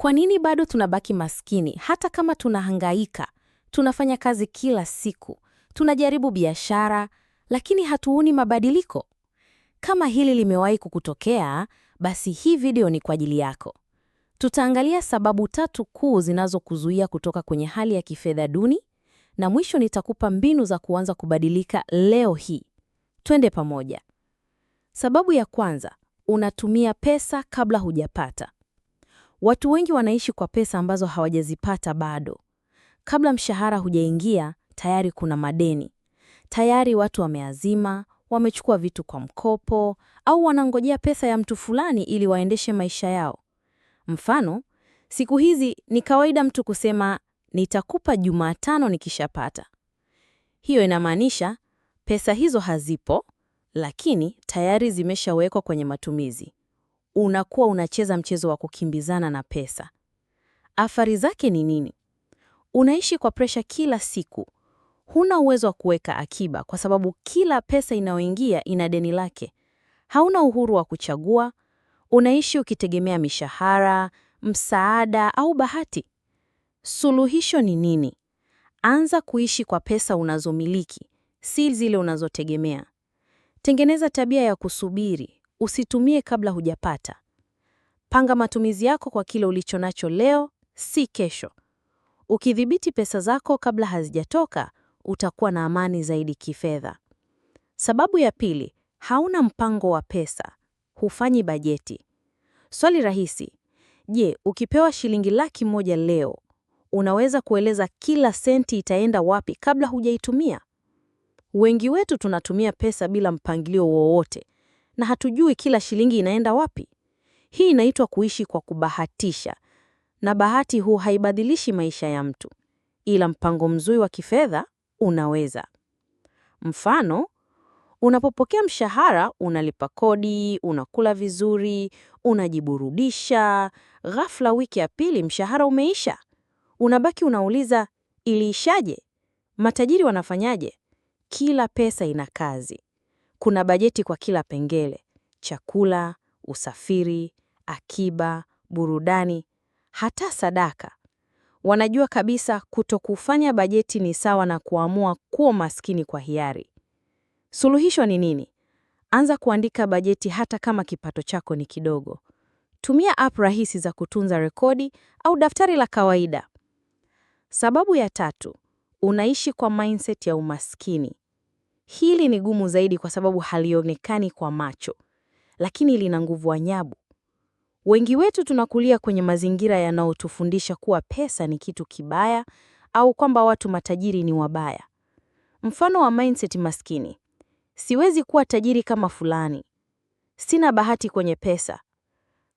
Kwa nini bado tunabaki maskini hata kama tunahangaika? Tunafanya kazi kila siku, tunajaribu biashara, lakini hatuoni mabadiliko. Kama hili limewahi kukutokea, basi hii video ni kwa ajili yako. Tutaangalia sababu tatu kuu zinazokuzuia kutoka kwenye hali ya kifedha duni, na mwisho nitakupa mbinu za kuanza kubadilika leo hii. Twende pamoja. Sababu ya kwanza, unatumia pesa kabla hujapata. Watu wengi wanaishi kwa pesa ambazo hawajazipata bado. Kabla mshahara hujaingia, tayari kuna madeni. Tayari watu wameazima, wamechukua vitu kwa mkopo au wanangojea pesa ya mtu fulani ili waendeshe maisha yao. Mfano, siku hizi ni kawaida mtu kusema nitakupa Jumatano nikishapata. Hiyo inamaanisha pesa hizo hazipo, lakini tayari zimeshawekwa kwenye matumizi unakuwa unacheza mchezo wa kukimbizana na pesa. Athari zake ni nini? Unaishi kwa presha kila siku. Huna uwezo wa kuweka akiba kwa sababu kila pesa inayoingia ina deni lake. Hauna uhuru wa kuchagua. Unaishi ukitegemea mishahara, msaada au bahati. Suluhisho ni nini? Anza kuishi kwa pesa unazomiliki, si zile unazotegemea. Tengeneza tabia ya kusubiri, usitumie kabla hujapata. Panga matumizi yako kwa kile ulicho nacho leo, si kesho. Ukidhibiti pesa zako kabla hazijatoka, utakuwa na amani zaidi kifedha. Sababu ya pili, hauna mpango wa pesa, hufanyi bajeti. Swali rahisi: je, ukipewa shilingi laki moja leo, unaweza kueleza kila senti itaenda wapi kabla hujaitumia? Wengi wetu tunatumia pesa bila mpangilio wowote, na hatujui kila shilingi inaenda wapi. Hii inaitwa kuishi kwa kubahatisha, na bahati huu haibadilishi maisha ya mtu, ila mpango mzuri wa kifedha unaweza. Mfano, unapopokea mshahara, unalipa kodi, unakula vizuri, unajiburudisha. Ghafla wiki ya pili mshahara umeisha, unabaki unauliza, iliishaje? Matajiri wanafanyaje? Kila pesa ina kazi. Kuna bajeti kwa kila pengele: chakula, usafiri, akiba, burudani, hata sadaka. Wanajua kabisa kutokufanya bajeti ni sawa na kuamua kuwa maskini kwa hiari. Suluhisho ni nini? Anza kuandika bajeti hata kama kipato chako ni kidogo. Tumia app rahisi za kutunza rekodi au daftari la kawaida. Sababu ya tatu, unaishi kwa mindset ya umaskini. Hili ni gumu zaidi kwa sababu halionekani kwa macho, lakini lina nguvu anyabu. Wengi wetu tunakulia kwenye mazingira yanayotufundisha kuwa pesa ni kitu kibaya au kwamba watu matajiri ni wabaya. Mfano wa mindset maskini: siwezi kuwa tajiri kama fulani, sina bahati kwenye pesa,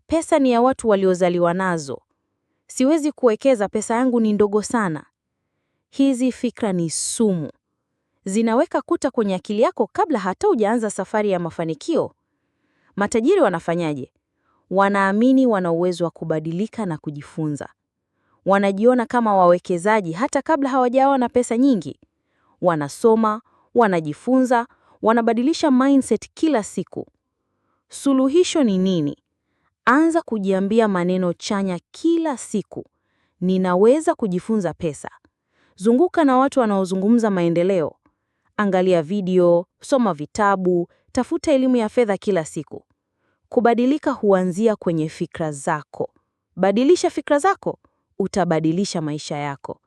pesa ni ya watu waliozaliwa nazo, siwezi kuwekeza, pesa yangu ni ndogo sana. Hizi fikra ni sumu zinaweka kuta kwenye akili yako kabla hata hujaanza safari ya mafanikio. Matajiri wanafanyaje? Wanaamini wana uwezo wa kubadilika na kujifunza. Wanajiona kama wawekezaji hata kabla hawajawa na pesa nyingi. Wanasoma, wanajifunza, wanabadilisha mindset kila siku. Suluhisho ni nini? Anza kujiambia maneno chanya kila siku. Ninaweza kujifunza pesa. Zunguka na watu wanaozungumza maendeleo. Angalia video, soma vitabu, tafuta elimu ya fedha kila siku. Kubadilika huanzia kwenye fikra zako. Badilisha fikra zako, utabadilisha maisha yako.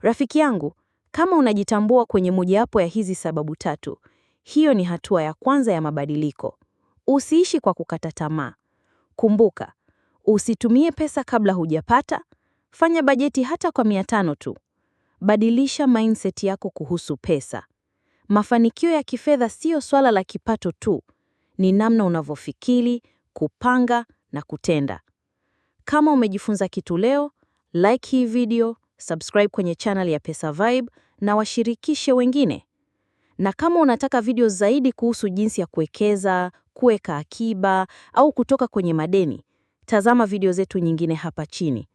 Rafiki yangu, kama unajitambua kwenye mojawapo ya hizi sababu tatu, hiyo ni hatua ya kwanza ya mabadiliko. Usiishi kwa kukata tamaa. Kumbuka, usitumie pesa kabla hujapata. Fanya bajeti hata kwa mia tano tu. Badilisha mindset yako kuhusu pesa. Mafanikio ya kifedha siyo swala la kipato tu, ni namna unavyofikiri, kupanga na kutenda. Kama umejifunza kitu leo, like hii video, subscribe kwenye channel ya Vibe na washirikishe wengine. Na kama unataka video zaidi kuhusu jinsi ya kuwekeza, kuweka akiba au kutoka kwenye madeni, tazama video zetu nyingine hapa chini.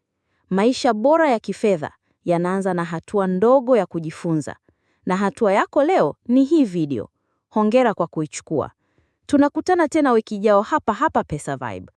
Maisha bora ya kifedha yanaanza na hatua ndogo ya kujifunza na hatua yako leo ni hii video. Hongera kwa kuichukua. Tunakutana tena wiki ijayo hapa hapa Pesa Vibe.